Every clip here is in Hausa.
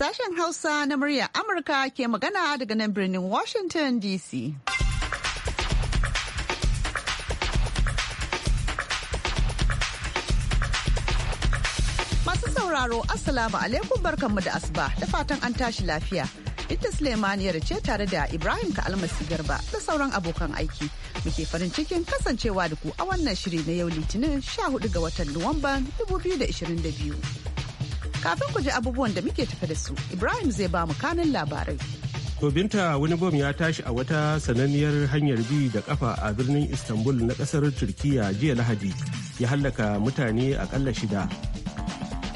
Sashen Hausa na murya Amurka ke magana daga nan birnin Washington DC. Masu sauraro Assalamu alaikum barkanmu da asuba da fatan an tashi lafiya. Binta Suleimaniyar ce tare da Ibrahim ka Almasi Garba da sauran abokan aiki. Muke farin cikin kasancewa da ku a wannan shiri na yau Litinin 14 ga watan Nuwamban 2022. Kafin ku ji abubuwan da muke tafe da su, Ibrahim zai ba mu kanin labarai. To binta wani bom ya tashi a wata sananniyar hanyar bi da kafa a birnin Istanbul na kasar Turkiya jiya Lahadi ya hallaka mutane akalla shida.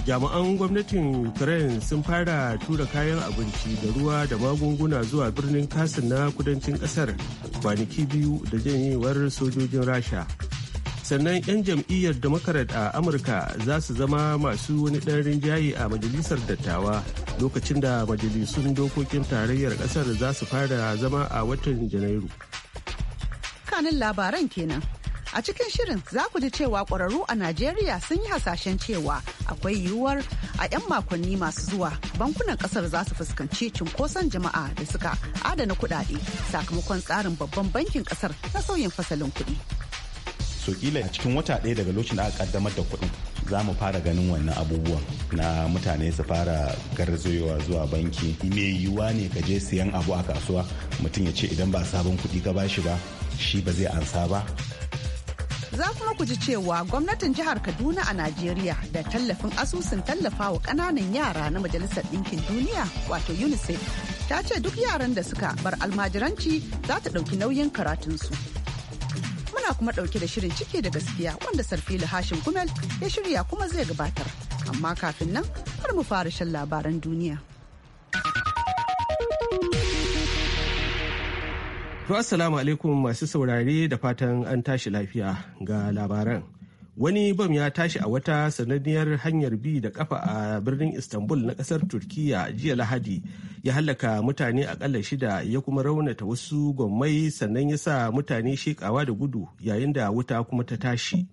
Jami'an gwamnatin Ukraine sun fara tura kayan abinci da ruwa da magunguna zuwa birnin Kasin na kudancin kasar kwanaki biyu da janyewar sojojin Rasha. sannan 'yan jam'iyyar democrat a amurka za su zama masu wani ɗan rinjaye a majalisar dattawa lokacin da majalisun dokokin tarayyar ƙasar za su fara zama a watan janairu kanin labaran kenan a cikin shirin za ku ji cewa ƙwararru a najeriya sun yi hasashen cewa akwai yiwuwar a 'yan makonni masu zuwa bankunan ƙasar za su fuskanci cunkoson jama'a da suka adana kuɗaɗe sakamakon tsarin babban bankin ƙasar na sauyin fasalin kuɗi. so kila a cikin wata ɗaya daga lokacin da aka kaddamar da kuɗin za mu fara ganin wannan abubuwan na mutane su fara garzayowa zuwa banki mai yiwuwa ne ka je siyan abu a kasuwa mutum ya ce idan ba sabon kuɗi ka bashi ba shi ba zai ansa ba za kuma ku ji cewa gwamnatin jihar kaduna a najeriya da tallafin asusun tallafa wa kananan yara na majalisar ɗinkin duniya wato unicef ta ce duk yaran da suka bar almajiranci za ta ɗauki nauyin karatunsu muna kuma ɗauke da shirin ciki da gaskiya wanda sarfilu hashim gumel ya shirya kuma zai gabatar amma kafin nan har mu fara shan labaran duniya To assalamu alaikum masu saurare da fatan an tashi lafiya ga labaran. wani bam ya tashi a wata sanadiyar hanyar bi da kafa a birnin istanbul na kasar turkiya jiya lahadi ya hallaka mutane akalla shida ya kuma raunata wasu gwammai sannan ya sa mutane shekawa da gudu yayin da wuta kuma ta tashi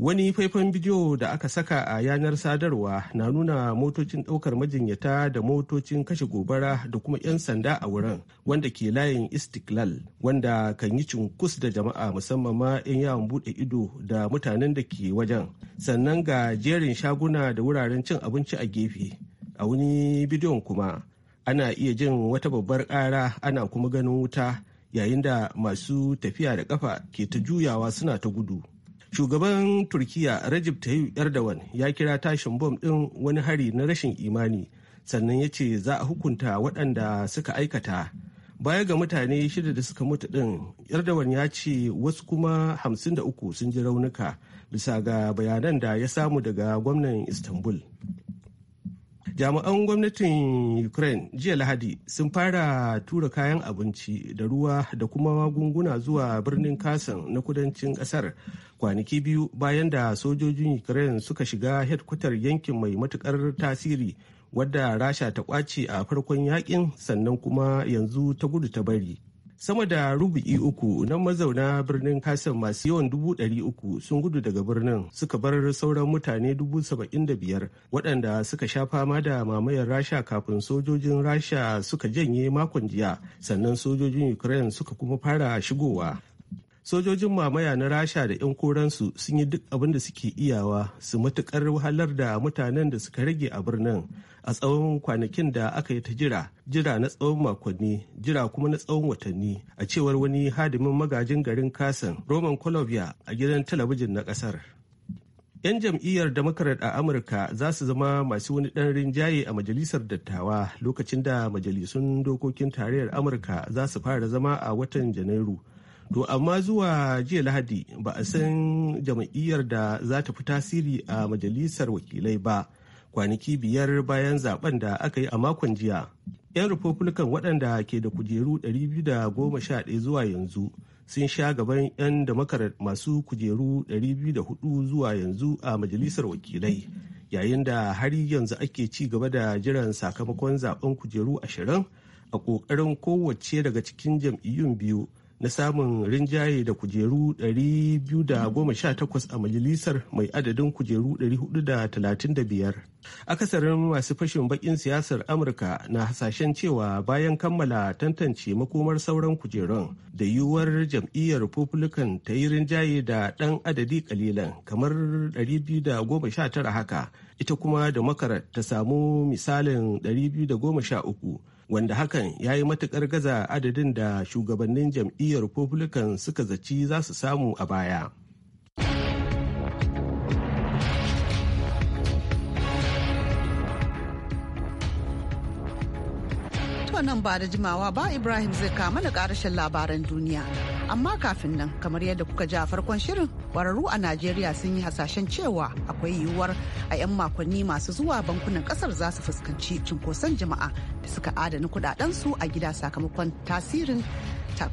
wani faifan bidiyo da aka saka a yanar sadarwa na nuna motocin ɗaukar majinyata da motocin kashe gobara da kuma 'yan sanda a wurin wanda ke layin istiklal wanda kan yi cunkus da jama'a musamman ma 'yan yawon buɗe ido da mutanen da ke wajen sannan ga jerin shaguna da wuraren cin abinci a gefe a wani bidiyon kuma ana iya jin wata babbar ƙara ana kuma ganin wuta yayin da masu tafiya da ƙafa ke ta juyawa suna ta gudu. shugaban turkiya rajib tayyip erdogan ya kira tashin bom din wani hari na rashin imani sannan ya ce za a hukunta waɗanda suka aikata baya ga mutane shida da suka mutu din erdogan ya ce wasu kuma hamsin sun ji raunuka bisa ga bayanan da ya samu daga gwamnan istanbul jami'an gwamnatin ukraine jiya lahadi sun fara tura kayan abinci da ruwa da kuma magunguna zuwa birnin kasan na kudancin kasar kwanaki biyu bayan da sojojin ukraine suka shiga headkwatar yankin mai matukar tasiri wadda rasha ta kwace a farkon yakin sannan kuma yanzu ta gudu ta bari sama da rubu'i uku na mazauna birnin kasan masu yawan dubu ɗari uku sun gudu daga birnin suka bar sauran mutane dubu saba'in da biyar waɗanda suka sha fama da mamayar rasha kafin sojojin rasha suka janye makon jiya sannan sojojin ukraine suka kuma fara shigowa sojojin mamaya na rasha da 'yan koransu sun yi duk abin da suke iyawa su matukar wahalar da mutanen da suka rage a birnin a tsawon kwanakin da aka yi ta jira jira na tsawon makonni jira kuma na tsawon watanni a cewar wani hadimin magajin garin kasan roman colombia a gidan talabijin na kasar 'yan jam'iyyar democrat a amurka za su zama masu wani ɗan rinjaye a majalisar dattawa lokacin da majalisun dokokin tarayyar amurka za su fara zama a watan janairu To amma zuwa jiya Lahadi ba a san jam'iyyar da za ta fi tasiri a majalisar wakilai ba kwanaki biyar bayan zaben da aka yi a makon jiya. 'Yan Republican waɗanda ke da kujeru 211 zuwa yanzu sun sha gaban 'yan Democrat masu kujeru 204 zuwa yanzu a majalisar wakilai yayin da har yanzu ake ci gaba da jiran sakamakon zaben kujeru 20 a ƙoƙarin kowace daga cikin jam'iyyun biyu na samun rinjaye da kujeru 218 a majalisar mai adadin kujeru 435. Akasarin masu fashin bakin siyasar Amurka na hasashen cewa bayan kammala tantance makomar sauran kujerun da yiwuwar jam'iyyar Republican ta yi rinjaye da ɗan adadi kalilan kamar 219 haka, ita kuma da makarar ta samu misalin 213. wanda hakan ya yi matukar gaza adadin da shugabannin jam'iyyar republican suka zaci za su samu a baya nan ba da jimawa ba ibrahim zai kama da karashin labaran duniya amma kafin nan kamar yadda kuka ji a farkon shirin kwararru a najeriya sun yi hasashen cewa akwai yiwuwar a 'yan makonni masu zuwa bankunan kasar za su fuskanci cunkoson jama'a da suka adana kudadensu a gida sakamakon tasirin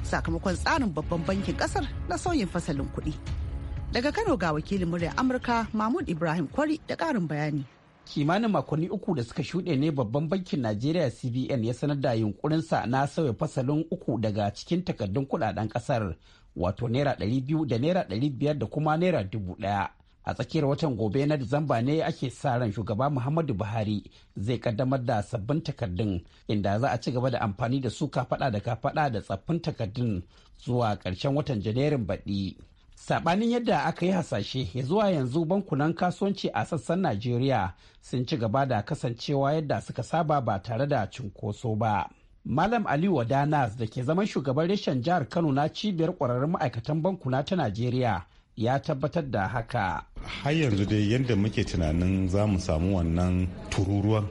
sakamakon tsarin babban bankin kasar na sauyin fasalin kuɗi daga kano ga wakilin muryar amurka mahmud ibrahim kwari da ƙarin bayani kimanin makonni uku da suka shuɗe ne babban bankin najeriya cbn ya sanar da yunkurinsa na sauya fasalin uku daga cikin takardun kudaden kasar wato naira ɗari biyu da naira ɗari biyar da kuma naira dubu ɗaya a tsakiyar watan gobe na disamba ne ake sa ran shugaba muhammadu buhari zai kaddamar da sabbin takardun inda za a ci gaba da amfani da su kafaɗa da kafaɗa da tsaffin takardun zuwa ƙarshen watan janairun baɗi sabanin yadda aka yi hasashe ya zuwa yanzu bankunan kasuwanci a sassan najeriya sun ci gaba da kasancewa yadda suka saba ba tare da cunkoso ba Malam Ali Wadanas da ke zaman shugaban reshen jihar Kano na cibiyar ƙwararrun ma'aikatan bankuna ta Najeriya ya tabbatar da haka. Har yanzu dai yadda muke tunanin za mu samu wannan tururuwan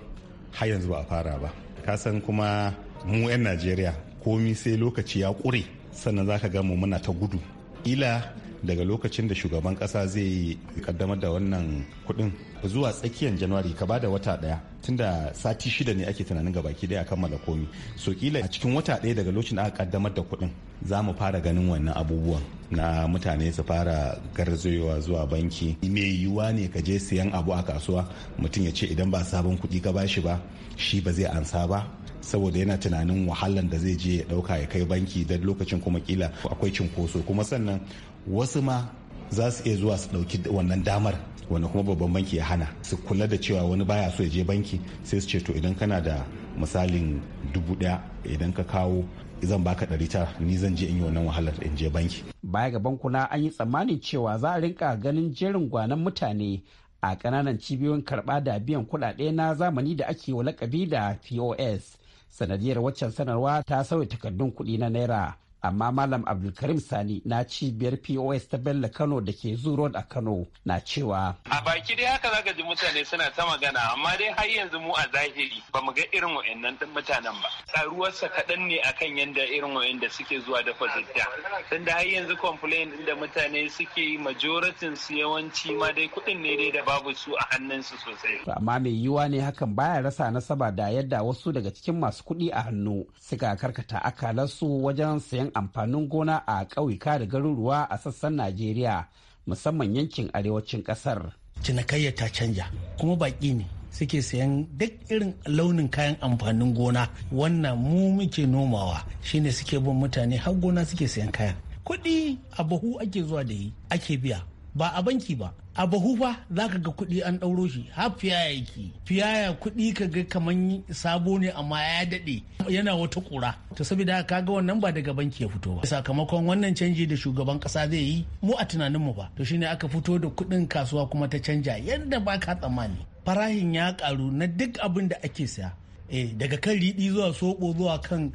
har yanzu ba a fara ba. Kasan kuma mu 'yan Najeriya komi sai lokaci ya ƙure sannan za ka gamu muna ta gudu. Ila daga lokacin da shugaban kasa zai kaddamar da wannan kuɗin zuwa tsakiyar januari ka bada wata daya tunda sati shida ne ake tunanin ga baki daya kammala komi so kila a cikin wata daya daga lokacin da aka kaddamar da kuɗin za mu fara ganin wannan abubuwan na mutane su fara garzayowa zuwa banki mai yiwuwa ne ka je siyan abu a kasuwa mutum ya ce idan ba sabon kuɗi ka bashi ba shi ba zai ansa ba saboda yana tunanin wahalan da zai je ya dauka ya kai banki don lokacin kuma kila akwai cinkoso kuma sannan wasu ma za su iya zuwa su dauki wannan damar wanda kuma babban banki ya hana su kula da cewa wani baya so ya je banki sai su ce to idan kana da misalin dubu daya idan ka kawo zan baka ɗari tara ni zan je in yi wannan wahalar in je banki. Baya ga bankuna an yi tsammanin cewa za a rinka ganin jerin gwanan mutane a kananan cibiyoyin karɓa da biyan kuɗaɗe na zamani da ake wa lakabi da POS sanadiyar waccan sanarwa ta sauya takardun kuɗi na naira amma malam abdulkarim sani na cibiyar pos ta bello kano da ke zuro a kano na cewa a baki dai haka zaka ji mutane suna ta magana amma dai har yanzu mu a zahiri ba mu ga irin wayannan din mutanen ba tsaruwarsa kaɗan ne akan yanda irin wayanda suke zuwa da zidda tun da har yanzu complain din da mutane suke yi majoratin su yawanci ma dai kuɗin ne dai da babu su a hannun su sosai amma mai yiwa ne hakan baya rasa nasaba da yadda wasu daga cikin masu kuɗi a hannu suka karkata akalarsu wajen sayan amfanin gona a ƙauyuka da garuruwa a sassan Najeriya musamman yankin arewacin ƙasar. Cinikayya ta canja kuma baƙi ne suke sayan duk irin launin kayan amfanin gona wannan mu muke nomawa shine suke bin mutane har gona suke sayan kayan. Kuɗi a bahu ake zuwa da yi ake biya ba a banki ba a bahu fa za ka ga kuɗi an ɗauro shi har fiyaya yake ya kuɗi ka ga kaman sabo ne amma ya daɗe yana wata ƙura to saboda ka ga wannan ba daga banki ya fito ba sakamakon wannan canji da shugaban ƙasa zai yi mu a tunanin mu ba to shine aka fito da kuɗin kasuwa kuma ta canja yadda ba ka tsammani farahin ya ƙaru na duk abin da ake saya eh daga kan riɗi zuwa soɓo zuwa kan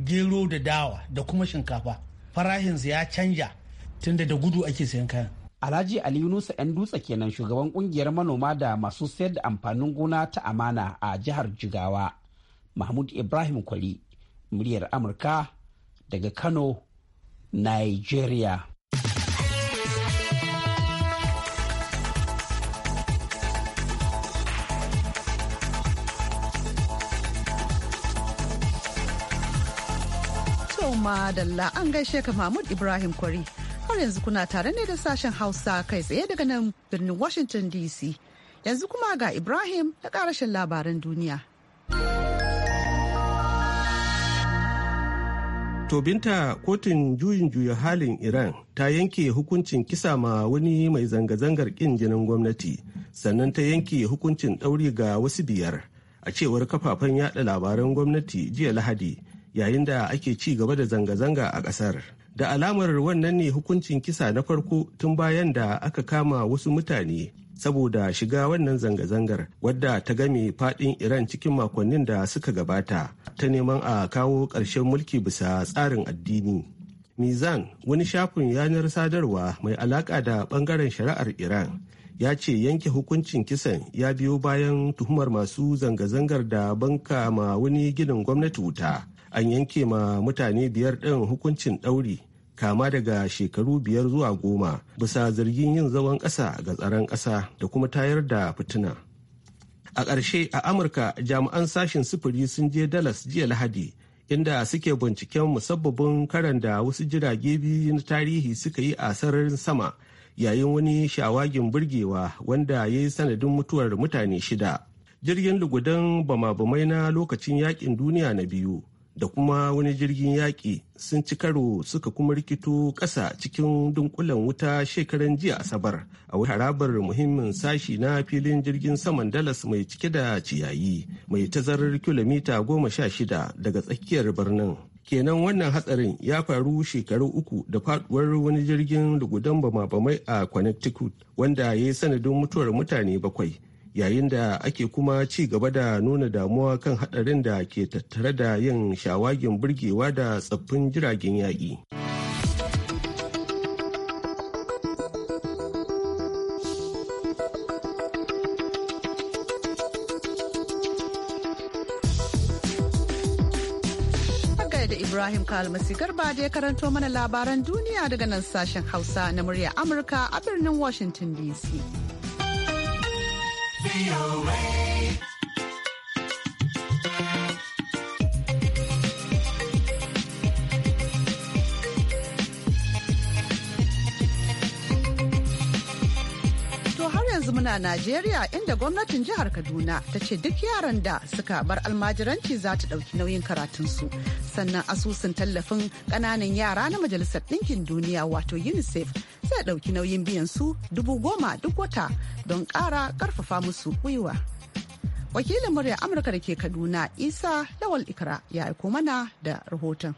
gero da dawa da kuma shinkafa farahinsa ya canja tunda da gudu ake sayan kayan Alhaji Ali Yunusa 'yan dutse kenan shugaban kungiyar manoma da masu sayar da amfanin gona ta amana a jihar Jigawa. Mahmud Ibrahim Kwali, muryar Amurka daga Kano, Nigeria. Toma Dalla an gaishe ka Mahmud Ibrahim Kwari. har yanzu kuna tare ne da sashen Hausa kai tsaye daga nan birnin Washington DC. Yanzu kuma ga Ibrahim da karashin labaran duniya. To binta kotun juyin juya halin Iran ta yanke hukuncin kisa ma wani mai zanga-zangar ƙin jinin gwamnati sannan ta yanke hukuncin ɗauri ga wasu biyar a cewar kafafen yada labaran gwamnati jiya lahadi yayin da ake ci gaba da zanga-zanga a ƙasar. da alamar wannan ne hukuncin kisa na farko tun bayan da aka kama wasu mutane saboda shiga wannan zanga-zangar wadda ta game fadin iran cikin makonnin da suka gabata ta neman a kawo ƙarshen mulki bisa tsarin addini mizan wani shafin yanar sadarwa mai alaƙa da ɓangaren shari'ar iran ya ce yanke hukuncin kisan ya biyo bayan tuhumar masu zanga-zangar da banka ma wani ginin gwamnati wuta an yanke ma mutane biyar ɗin hukuncin ɗauri kama daga shekaru biyar zuwa goma bisa zargin yin zagon ƙasa ga tsaron ƙasa da kuma tayar da fitina. A ƙarshe a Amurka jami'an sashen sufuri sun je Dallas jiya Lahadi inda suke binciken musabbabin karan da wasu jirage biyu na tarihi suka yi a sararin sama yayin wani shawagin burgewa wanda ya yi sanadin mutuwar mutane shida. Jirgin lugudan bama-bamai na lokacin yakin duniya na biyu da kuma wani jirgin yaƙi sun ci karo suka kuma rikito ƙasa cikin dunkulen wuta shekaran jiya asabar a wani harabar muhimmin sashi na filin jirgin saman dalas mai cike da ciyayi mai tazarar kilomita goma sha shida daga tsakiyar birnin kenan wannan hatsarin ya faru shekaru uku da faduwar wani jirgin rugudan bama-bamai a connecticut wanda ya yi sanadin mutuwar mutane bakwai yayin da ake kuma ci gaba da nuna damuwa kan hadarin da ke tattare da yin shawagin burgewa da tsaffin jiragen yaƙi. da Ibrahim Kalmasi Garba da ya karanto mana labaran duniya daga nan sashen Hausa na murya Amurka a birnin Washington DC. yanzu muna Najeriya inda gwamnatin jihar Kaduna ta ce duk yaran da suka bar almajiranci za ta ɗauki nauyin karatunsu sannan asusun tallafin kananan yara na majalisar ɗinkin duniya wato unicef zai ɗauki nauyin biyan su dubu goma duk wata don ƙara karfafa musu gwiwa wakilin murya amurka da ke kaduna isa lawal ikra ya aiko mana da rahoton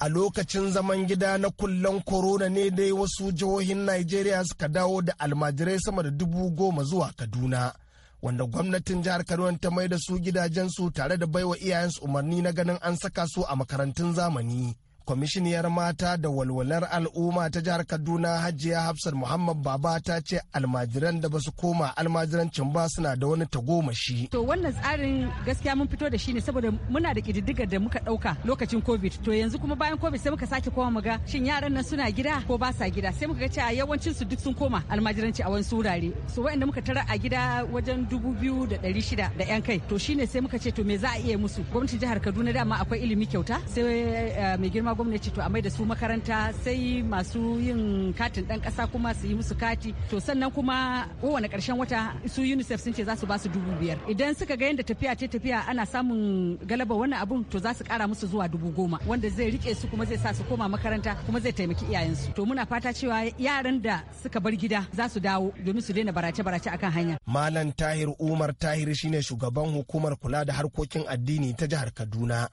a lokacin zaman gida na kullum korona ne dai wasu jihohin Najeriya suka dawo da almajirai sama da dubu goma zuwa Kaduna. wanda gwamnatin jihar Kaduna ta mai da su gidajensu tare da baiwa iyayensu umarni na ganin an saka su a makarantun zamani. kwamishiniyar mata da walwalar al'umma ta jihar kaduna hajiya hafsat muhammad baba ta ce almajiran da ba su koma almajirancin ba suna da wani tagomashi to wannan tsarin gaskiya mun fito da shi ne saboda muna da kididdigar da muka dauka lokacin covid to yanzu kuma bayan covid sai muka sake koma muga shin yaran nan suna gida ko ba sa gida sai muka ga cewa yawancin su duk sun koma almajiranci a wasu wurare so waɗanda muka tara a gida wajen dubu biyu da ɗari shida da yan kai to shine sai muka ce to me za a iya musu gwamnatin jihar kaduna dama akwai ilimi kyauta sai eh, mai girma gwamnati to a mai da su makaranta sai masu yin katin dan kasa kuma su yi musu kati to sannan kuma kowane karshen wata su UNICEF sun ce za su ba su dubu biyar idan suka ga yadda tafiya ce tafiya ana samun galaba wannan abun to za su kara musu zuwa dubu goma wanda zai rike su kuma zai sa su koma makaranta kuma zai taimaki iyayensu to muna fata cewa yaran da suka bar gida za su dawo domin su daina barace-barace akan hanya. Malam Tahir Umar Tahir shine shugaban hukumar kula da harkokin addini ta jihar Kaduna.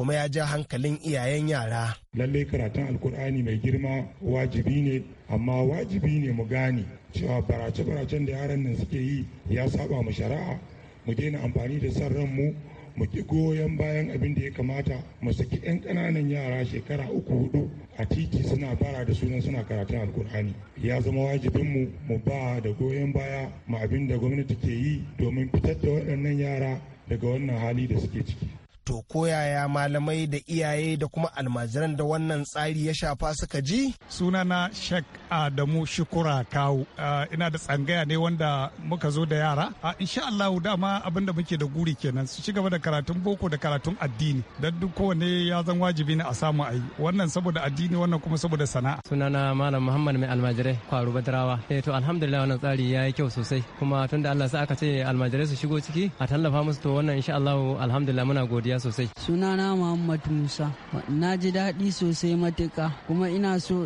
kuma ya ja hankalin iyayen yara. Lallai karatun Alkur'ani mai girma wajibi ne, amma wajibi ne mu gane cewa barace-baracen da yaran nan suke yi ya saba mu shari'a, mu daina amfani da san ranmu, mu ki goyon bayan abin da ya kamata, mu saki 'yan ƙananan yara shekara uku hudu a titi suna fara da sunan suna karatun alkur'ani ya zama wajibinmu mu ba da goyon baya ma abin da gwamnati ke yi domin fitar da waɗannan yara daga wannan hali da suke ciki to koyaya malamai da iyaye da kuma almajiran da wannan tsari ya shafa suka ji sunana shek adamu shukura kawu ah, ina da tsangaya ne wanda muka zo da yara ah, insha Allah dama abin da muke da guri kenan su ci gaba da karatun boko da karatun addini don duk kowane ya zan wajibi ne a samu yi wannan saboda addini wannan kuma saboda sana'a sunana malam muhammad mai almajirai kwaru badarawa eh to alhamdulillah wannan tsari ya yi kyau sosai kuma tunda allah sa aka ce almajirai su shigo ciki a tallafa musu to wannan insha Allah alhamdulillah muna godiya sosai sunana muhammad musa na ji daɗi sosai matuka kuma ina so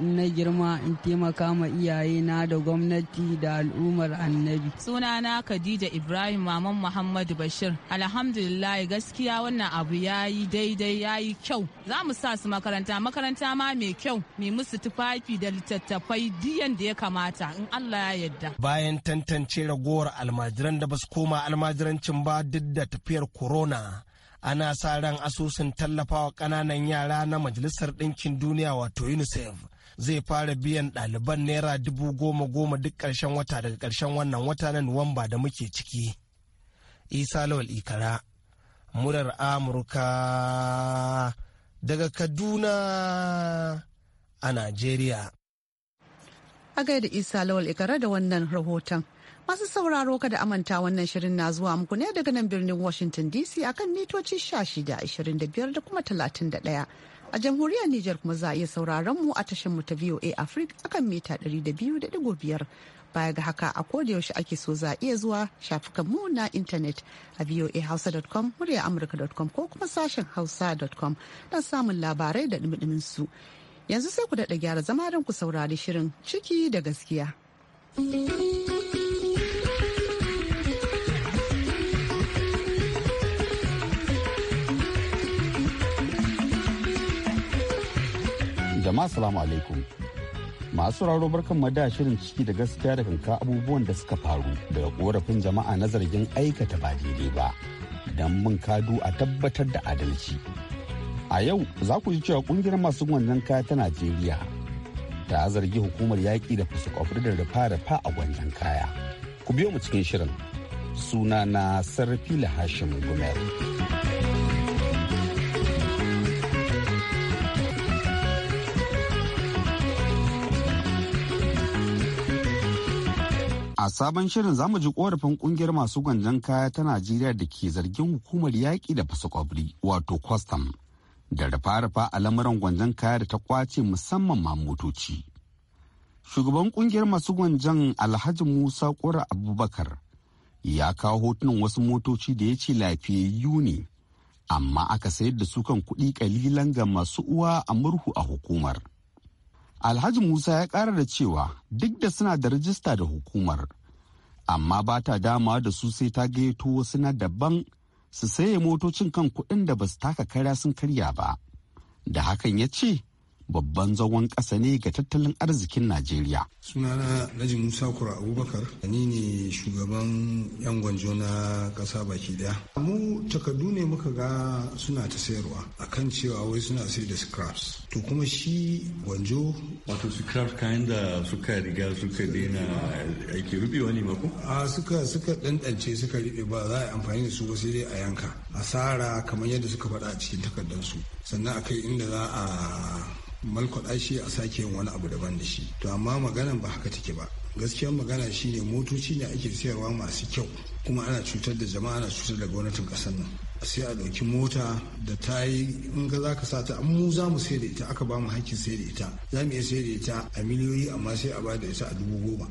na girma in taimaka ma iyaye na da gwamnati da al'ummar annabi sunana khadija ibrahim maman muhammad bashir alhamdulillah gaskiya wannan abu ya yi daidai ya yi kyau za mu sa su makaranta makaranta ma mai kyau mai musu tufafi da littattafai diyan da ya kamata in allah ya yarda bayan tantance ragowar almajiran da ba koma almajirancin ba duk da tafiyar corona ana sa ran asusun tallafawa ƙananan yara na majalisar ɗinkin duniya wato unicef zai fara biyan ɗaliban naira dubu goma goma duk ƙarshen wata daga ƙarshen wannan wata na nuwamba da muke ciki isa lawal ikara murar amurka daga kaduna a najeriya a gaida isa lawal ikara da wannan rahoton Masu sauraro kada amanta wannan shirin na zuwa muku ne daga nan birnin Washington DC akan mitoci 16, 25 da kuma 31. a jamhuriyar Nijar kuma za a iya sauraron mu a tashar mu ta VOA Africa akan mita 200.5 baya ga haka a yaushe ake so za a iya zuwa shafukan mu na intanet a voahausa.com murya amurka.com ko kuma sashen hausa.com don samun labarai da dumi su yanzu sai ku daɗa gyara zama don ku saurari shirin ciki da gaskiya. jama'a salamu alaikum masu sauraro barkan mu da shirin ciki da gaskiya da kanka abubuwan da suka faru daga korafin jama'a na zargin aikata ba daidai ba don mun kadu a tabbatar da adalci a yau za ku ji cewa kungiyar masu wannan kaya ta najeriya ta zargi hukumar yaƙi da fasikofi da rufa rufa a wannan kaya ku biyo mu cikin shirin suna na sarfi hashim gumel A sabon shirin zamu ji korafin kungiyar masu gwanjan kaya ta Najeriya da ke zargin hukumar yaƙi da kwabri wato kwastam da rufa-rufa a lamuran gwanjan kaya da ta kwace musamman ma motoci. Shugaban kungiyar masu gwanjan Alhaji Musa Kura Abubakar ya kawo hotunan wasu motoci da ya ce lafiyayyu ne amma aka sayar da su kan kuɗi ƙalilan ga masu uwa a murhu a hukumar. alhaji musa ya kara da cewa duk da suna da rajista da hukumar amma ba ta dama da su sai ta gayyato wasu na daban su saye motocin kan kuɗin da ba su taka kara sun karya ba da hakan ya ce babban zagon ƙasa ne ga tattalin arzikin Najeriya. Sunana Laji Musa Kura Abubakar, ni ne shugaban 'yan gwanjo na ƙasa baki daya. Mu takardu ne muka ga suna ta sayarwa A kan cewa wai suna sai da scraps. To kuma shi gwanjo. Wato scraps kayan da suka riga suka daina aiki rubi wani mako? A suka suka ɗanɗance suka riɓe ba za a yi amfani da su ba sai dai a yanka. Asara kamar yadda suka faɗa a cikin takardarsu. sannan a kai inda za a malkwaɗa shi a sake yin wani abu daban da shi to amma maganan ba haka take ba gaskiyar magana shine motoci ne ake sayarwa masu kyau kuma ana cutar da jama'a ana cutar da gwamnatin kasar nan sai a ɗauki mota da ta yi in ga za ka sata an mu za mu sai da ita aka ba mu hakkin sai da ita za mu iya sayar da ita a miliyoyi amma sai a ba da ita a dubu goma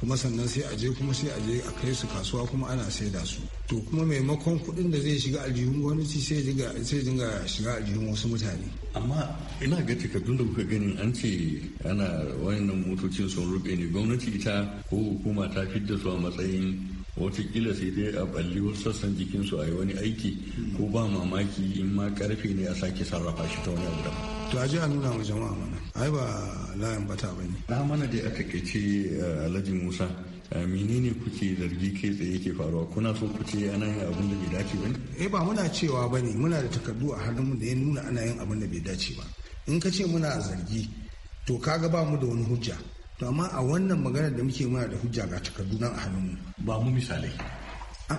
kuma sannan sai a je kuma sai a je a kai su kasuwa kuma ana saida su to kuma maimakon kuɗin da zai shiga aljihun gwamnati sai dinga shiga aljihun wasu mutane amma ina ga takardun da kuka gani an ce ana wayannan motocin sun rufe ne gwamnati ita ko hukuma ta fidda su a matsayin watakila sai dai a balli wasu sassan jikinsu a yi wani aiki ko ba mamaki in ma karfe ne a sake sarrafa shi ta wani abu daban to a ji a nuna wa jama'a mana ai ba layan bata ba ne na mana dai a takaice eh, alhaji musa eh, menene kuke zargi kai tsaye ke faruwa kuna so ku ce ana yin abin da bai dace ba ne eh, ba muna cewa ba ne muna da takardu a hannunmu da ya nuna ana yin abin da bai dace ba in ka ce muna zargi to kaga ba mu da wani hujja to amma a wannan maganar da muke muna da hujja ga takardu nan a hannunmu ba mu misalai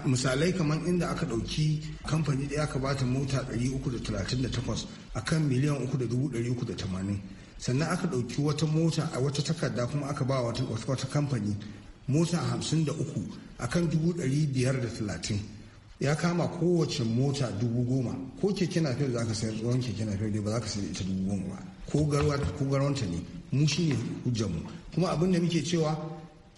misalai kamar inda aka ɗauki kamfani ɗaya aka bata mota 338 akan miliyan 3,380 sannan aka ɗauki wata mota a wata takarda kuma aka ba wata wata kamfani mota 53 akan 530 ya kama kowace mota dubu goma ko keke na fiye za ka sayar tsohon keke na fiye ba za ka sayar ita dubu goma ba ko garwanta ne mu shine hujjar mu kuma abin da muke cewa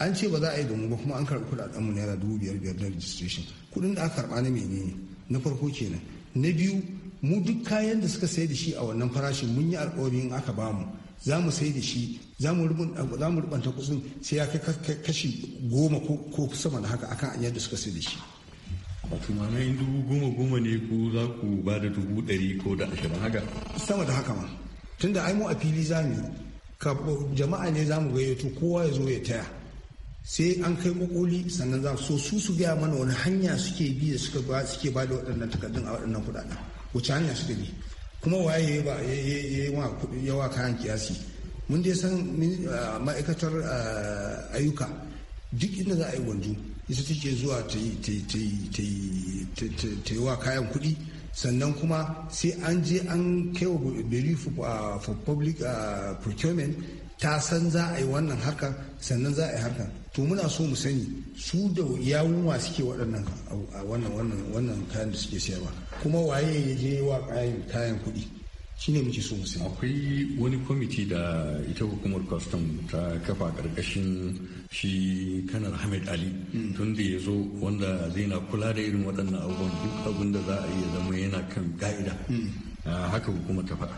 an ce ba za a yi domin ba kuma an karɓi kuɗaɗen mu naira dubu biyar biyar na registration kuɗin da aka karɓa na menene na farko kenan na biyu mu duk kayan da suka sayar da shi a wannan farashin mun yi alƙawari in aka bamu za mu sayar da shi za mu rubanta kuɗin sai ya kai kashi goma ko sama da haka akan yadda suka sayar da shi wato ma in dubu goma goma ne ko za ku ba da dubu ɗari ko da ashirin haka sama da haka ma tunda ai mu a fili za mu jama'a ne za mu gayyato kowa ya zo ya taya sai an kai makoli sannan za so su su gaya mana wani hanya suke bi da suka ba suke ba da waɗannan takardun a waɗannan kuɗaɗen wace hanya suka bi kuma waye ya yi wa yawa kayan kiyasi mun dai san ma'aikatar ayyuka duk inda za a yi wanzu ita take zuwa ta yi wa kayan kuɗi sannan kuma sai an je an kai wa belief for public procurement ta san za a yi wannan haka sannan za a yi haka to muna so mu sani su da yawunwa suke waɗannan wannan wannan wannan kayan da suke sayarwa kuma waye ya je wa kayan kayan kuɗi shine muke so mu sani akwai wani kwamiti da ita hukumar custom ta kafa karkashin shi kanar hamid ali hmm. tun da ya zo wanda zai na kula da irin waɗannan abubuwan duk abin da za a yi ya zama yana kan ka'ida hmm. ah, haka hukumar ta faɗa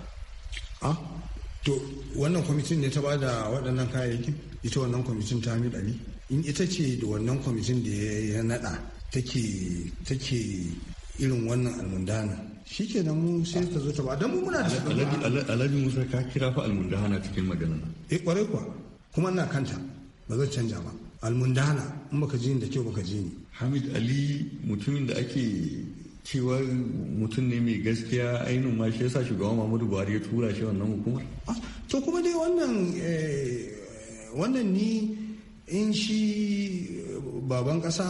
ah, to wannan kwamitin ne ta ba da waɗannan kayayyakin ita wannan kwamitin ta hamid ali in ita ce da wannan kwamitin da ya naɗa take irin wannan almundana shi ke mu sai ta zo ta ba don mu muna da ba. alhaji musa ka kira fa almundana cikin magana eh kwarai kuwa kuma ina kanta ba zai canja ba almundana in baka ji da kyau baka ji ni hamid ali mutumin da ake cewa mutum ne mai gaskiya ainihin ma shi yasa shugaban Muhammadu Buhari ya tura shi wannan hukumar ah, to kuma dai wannan eh, wannan ni in shi baban ƙasa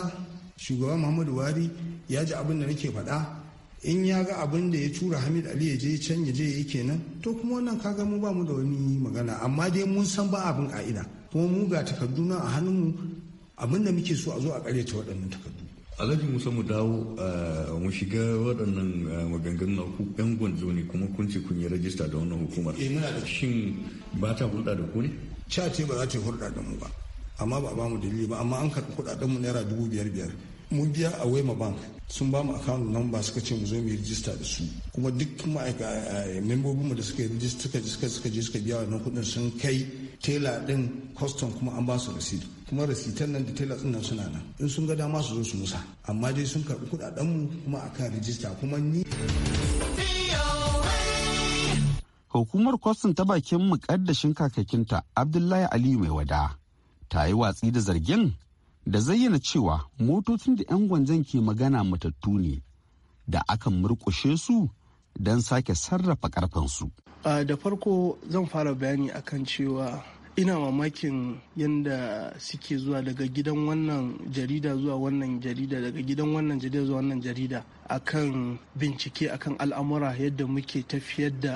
shugaban Muhammadu Buhari ya ji abin da nake faɗa in ya ga abin da ya tura hamid ali ya je can ya je ya kenan to kuma wannan kaga mu ba mu da wani magana amma dai mun san ba abin ka'ida kuma mu ga takarduna a hannunmu abin da muke so a zo a ta waɗannan takardu alhaji musa mu dawo eh, mu shiga waɗannan eh, maganganun na ku yan gwanzo ne kuma kun ce kun yi rajista da wannan hukumar eh, shin ba ta hulɗa da ku ne ca ce ba za ta yi hulɗa da mu ba amma ba ba mu dalili ba amma an karɓi kuɗaɗen mu naira dubu biyar biyar mun biya a wema bank sun ba mu account number suka ce mu zo mu yi rijista da su kuma duk membobin mu da suka yi rijista suka je suka biya wannan kuɗin sun kai tela din custom kuma an ba su receipt kuma rasitan nan da tela nan suna nan in sun ga dama su zo su musa amma dai sun karbi kudaden mu kuma akan rijista kuma ni Hukumar kwastin ta bakin mukaddashin kakakinta Abdullahi Aliyu mai wada ta yi watsi da zargin da zayyana cewa motocin da 'yan gwanjan ke magana matattu ne da aka murƙushe su don sake sarrafa ƙarfinsu. da farko zan fara bayani akan cewa ina mamakin yadda suke zuwa daga gidan wannan jarida zuwa wannan jarida daga gidan wannan jarida zuwa wannan jarida akan bincike akan al'amura yadda muke tafiyar da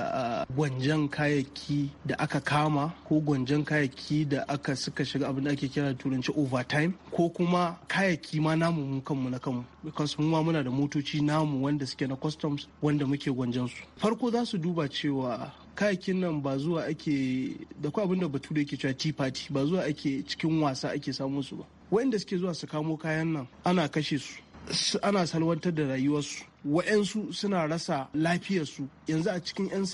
gwanjan kayayyaki da aka kama ko gwanjan kayayyaki da aka suka shiga abin da ake kira turanci overtime ko kuma kayayyaki ma namu mu kanmu na kanmu because mu ma muna da motoci namu wanda suke na customs wanda muke gwanjan su farko za su duba cewa kayakin nan ba zuwa ake da kwa abin da bature yake cewa tea party ba zuwa ake cikin wasa ake samu su ba wanda suke zuwa su kamo kayan nan ana kashe su ana salwantar da rayuwarsu wa'yansu suna rasa lafiyarsu yanzu a cikin 'yan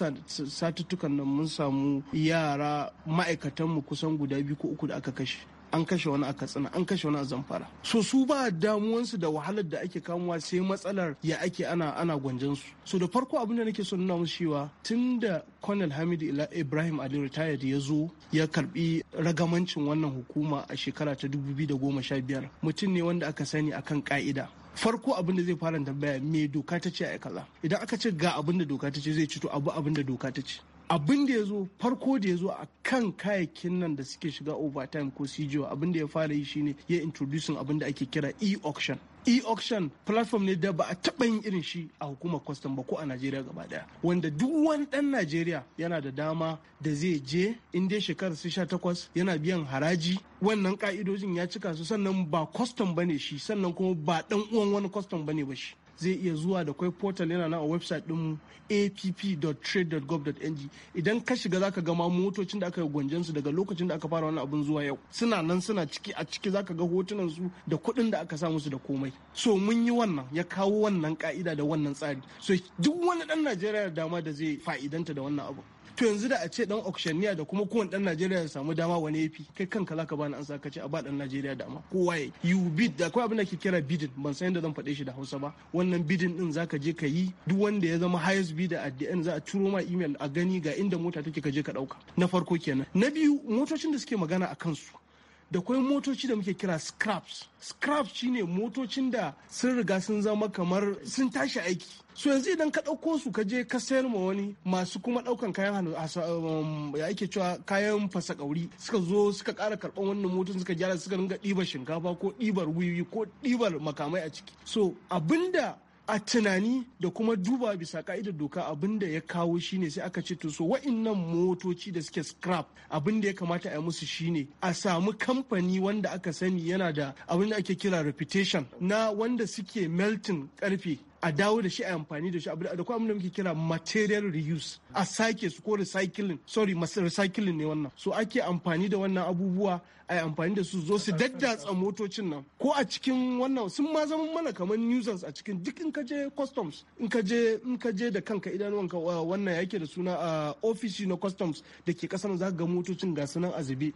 satuttukan nan mun samu yara ma'aikatanmu kusan guda biyu ko uku da aka kashe an kashe wani a katsina an kashe wani a zamfara so su ba damuwansu da wahalar da ake kamuwa sai matsalar ya ake ana ana su. so da farko abin da nake son nuna musu cewa tun da colonel hamid ibrahim ali retired ya zo ya karbi ragamancin wannan hukuma a shekara ta 2015 mutum ne wanda aka sani akan ka'ida farko abin da zai fara tambaya me doka ta ce a kaza idan aka ce ga abin da doka ta ce zai ci to abu abin da doka ta ce abin da ya zo farko da ya zo a kan kayakin nan da suke shiga overtime ko cgo abin da ya fara yi shine ya introducing abin da ake kira e-auction e-auction platform ne da ba a taɓa yin irin shi a hukumar kwastam ba ko a najeriya gaba daya wanda duk wani ɗan najeriya yana da dama da zai je in dai shekarar su sha takwas yana biyan haraji wannan ka'idojin ya cika su sannan ba kwastam ba ne shi sannan kuma ba ɗan uwan wani kwastam ba ne ba shi zai iya zuwa da kwai portal yana nan a website ɗinmu app.trade.gov.ng idan ka shiga zaka ga ma motocin da aka yi gwanjen su daga lokacin da aka fara wannan abin zuwa yau suna nan suna ciki a ciki zaka ga hotunan su da kuɗin da aka sa musu da komai so mun yi wannan ya kawo wannan ka'ida da wannan tsari so duk wani ɗan Najeriya da dama da zai fa'idanta da wannan abu to yanzu da a ce dan auctioneer da kuma kowane dan Najeriya ya samu dama wani fi kai kanka zaka bani an saka ce a ba dan Najeriya dama kowa ya you bid da akwai abin ke kira bidin ban san yadda zan faɗe shi da Hausa ba wannan bidin din zaka je ka yi duk wanda ya zama highest bidder at the end za a turo ma email a gani ga inda mota take ka je ka ɗauka na farko kenan na biyu motocin da suke magana a kansu da kwai motoci da muke kira scraps scraps shine motocin da sun riga sun zama kamar sun tashi aiki so yanzu idan ka ɗauko su ka je ka sayar ma wani masu kuma ɗaukan kayan hannu um, ya ake cewa kayan fasa ƙauri suka zo suka ƙara karɓan wannan motocin suka gyara suka dinga ɗibar shinkafa ko ɗibar wiwi ko ɗibar makamai a ciki so abinda a tunani da kuma duba bisa ka'idar doka abinda ya kawo shine sai aka ce to so wa'innan motoci da suke scrap abinda ya kamata a yi musu shine a samu kamfani wanda aka sani yana da abin ake kira reputation na wanda suke melting karfe a dawo da shi a amfani da shi abu da kuma da muke kira material reuse a sake su ko recycling sorry recycling ne wannan so ake amfani da wannan abubuwa a amfani da su zo su daddatsa motocin nan ko a cikin wannan sun ma zama mana kamar nuisance a cikin duk in ka je customs in ka je in ka je da kanka idanuwanka wannan yake da suna a ofishi na customs da ke kasar za ga motocin ga sunan azabe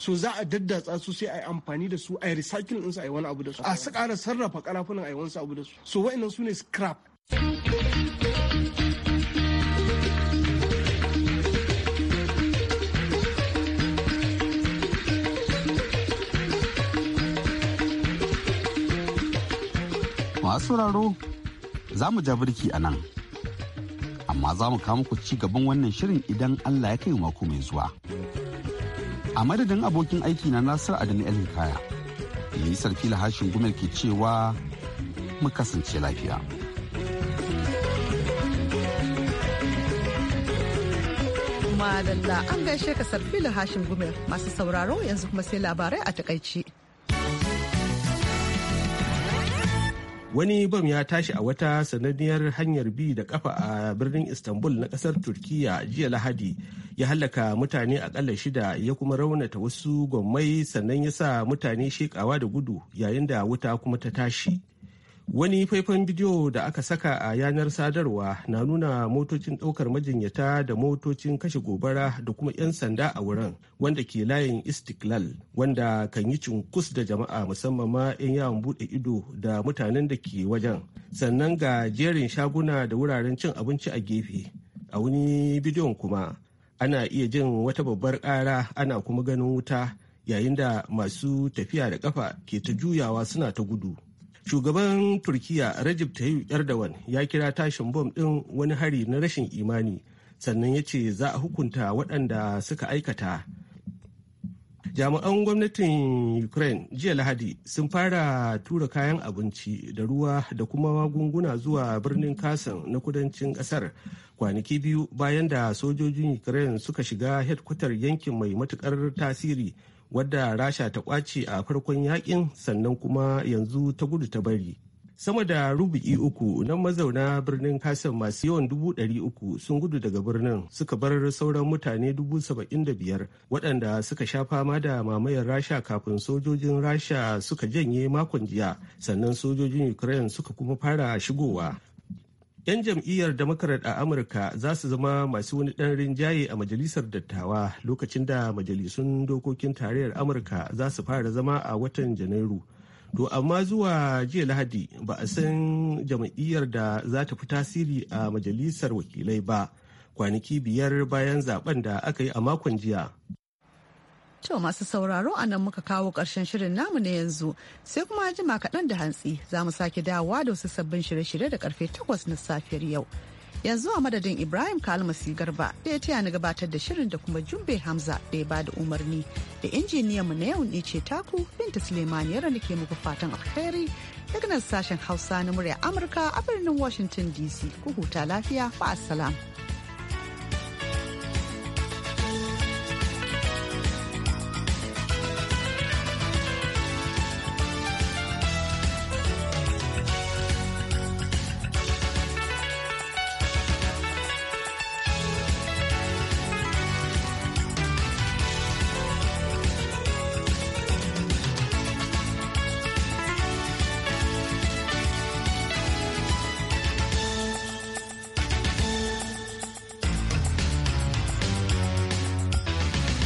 so za a daddatsa su sai a yi amfani da su a yi recycling su a yi wani abu da su a su ƙara sarrafa karafunan a yi wani abu da su so wa'annan su ne scrap masu sauraro za mu ja birki a nan amma za mu kama ku ci gaban wannan shirin idan allah ya kai mako mai zuwa a madadin abokin aiki na nasir adamu Elin Kaya, yi sarki lahashin gumel ke cewa mu kasance lafiya. madalla an gaishe ka sarfilu hashim gumel masu sauraro yanzu kuma sai labarai a takaici. wani bam ya tashi a wata sananniyar hanyar bi da kafa a birnin istanbul na kasar turkiya jiya lahadi ya hallaka mutane akalla shida ya kuma raunata wasu gwammai sannan ya sa mutane shekawa da gudu yayin da wuta kuma ta tashi Wani faifan bidiyo da aka saka a yanar sadarwa na nuna motocin ɗaukar majinyata da motocin kashe gobara da kuma 'yan sanda a wurin wanda ke layin Istiklal wanda kan yi cunkus da jama'a musamman ma 'yan yawon buɗe ido da mutanen da ke wajen. Sannan ga jerin shaguna da wuraren cin abinci a gefe. A wani bidiyon kuma ana iya jin wata babbar ƙara ana kuma ganin wuta yayin da masu tafiya da ƙafa ke ta juyawa suna ta gudu. shugaban turkiya rajib tayyip erdogan ya kira tashin bom din wani hari na rashin imani sannan ya ce za a hukunta waɗanda suka aikata jami'an gwamnatin ukraine jiya lahadi sun fara tura kayan abinci da ruwa da kuma magunguna zuwa birnin kasan na kudancin kasar kwanaki biyu bayan da sojojin ukraine suka shiga hedkwatar yankin mai matukar tasiri wadda rasha ta kwace a farkon yakin sannan kuma yanzu ta gudu ta bari sama da rubu'i uku na mazauna birnin kasan masu yawan dubu ɗari uku sun gudu daga birnin suka bar sauran mutane dubu saba'in da biyar waɗanda suka sha fama da mamayar rasha kafin sojojin rasha suka janye makon jiya sannan sojojin ukraine suka kuma fara shigowa 'yan jam'iyyar democrat a amurka za su zama masu wani ɗan rinjaye a majalisar dattawa lokacin da majalisun dokokin tarayyar amurka za su fara zama a watan janairu to amma zuwa jiya lahadi ba a san jam'iyyar da za ta fi tasiri a majalisar wakilai ba kwanaki biyar bayan zaben da aka yi a makon jiya To masu sauraro a nan muka kawo ƙarshen shirin namu na yanzu sai kuma jima kaɗan da hantsi za mu sake dawowa da wasu sabbin shirye-shirye da karfe takwas na safiyar yau. Yanzu a madadin Ibrahim Kalmasi Garba da ya taya na gabatar da shirin da kuma Jumbe Hamza da ya ba da umarni da injiniyan mu na yau ne ce taku Binta Suleiman yara nake muku fatan alheri daga nan sashen Hausa na murya Amurka a birnin Washington DC ku huta lafiya ba